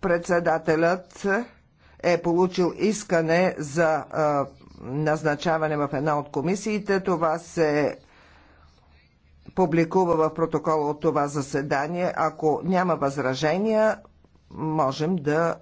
Председателят е получил искане за назначаване в една от комисиите. Това се публикува в протокола от това заседание. Ако няма възражения, можем да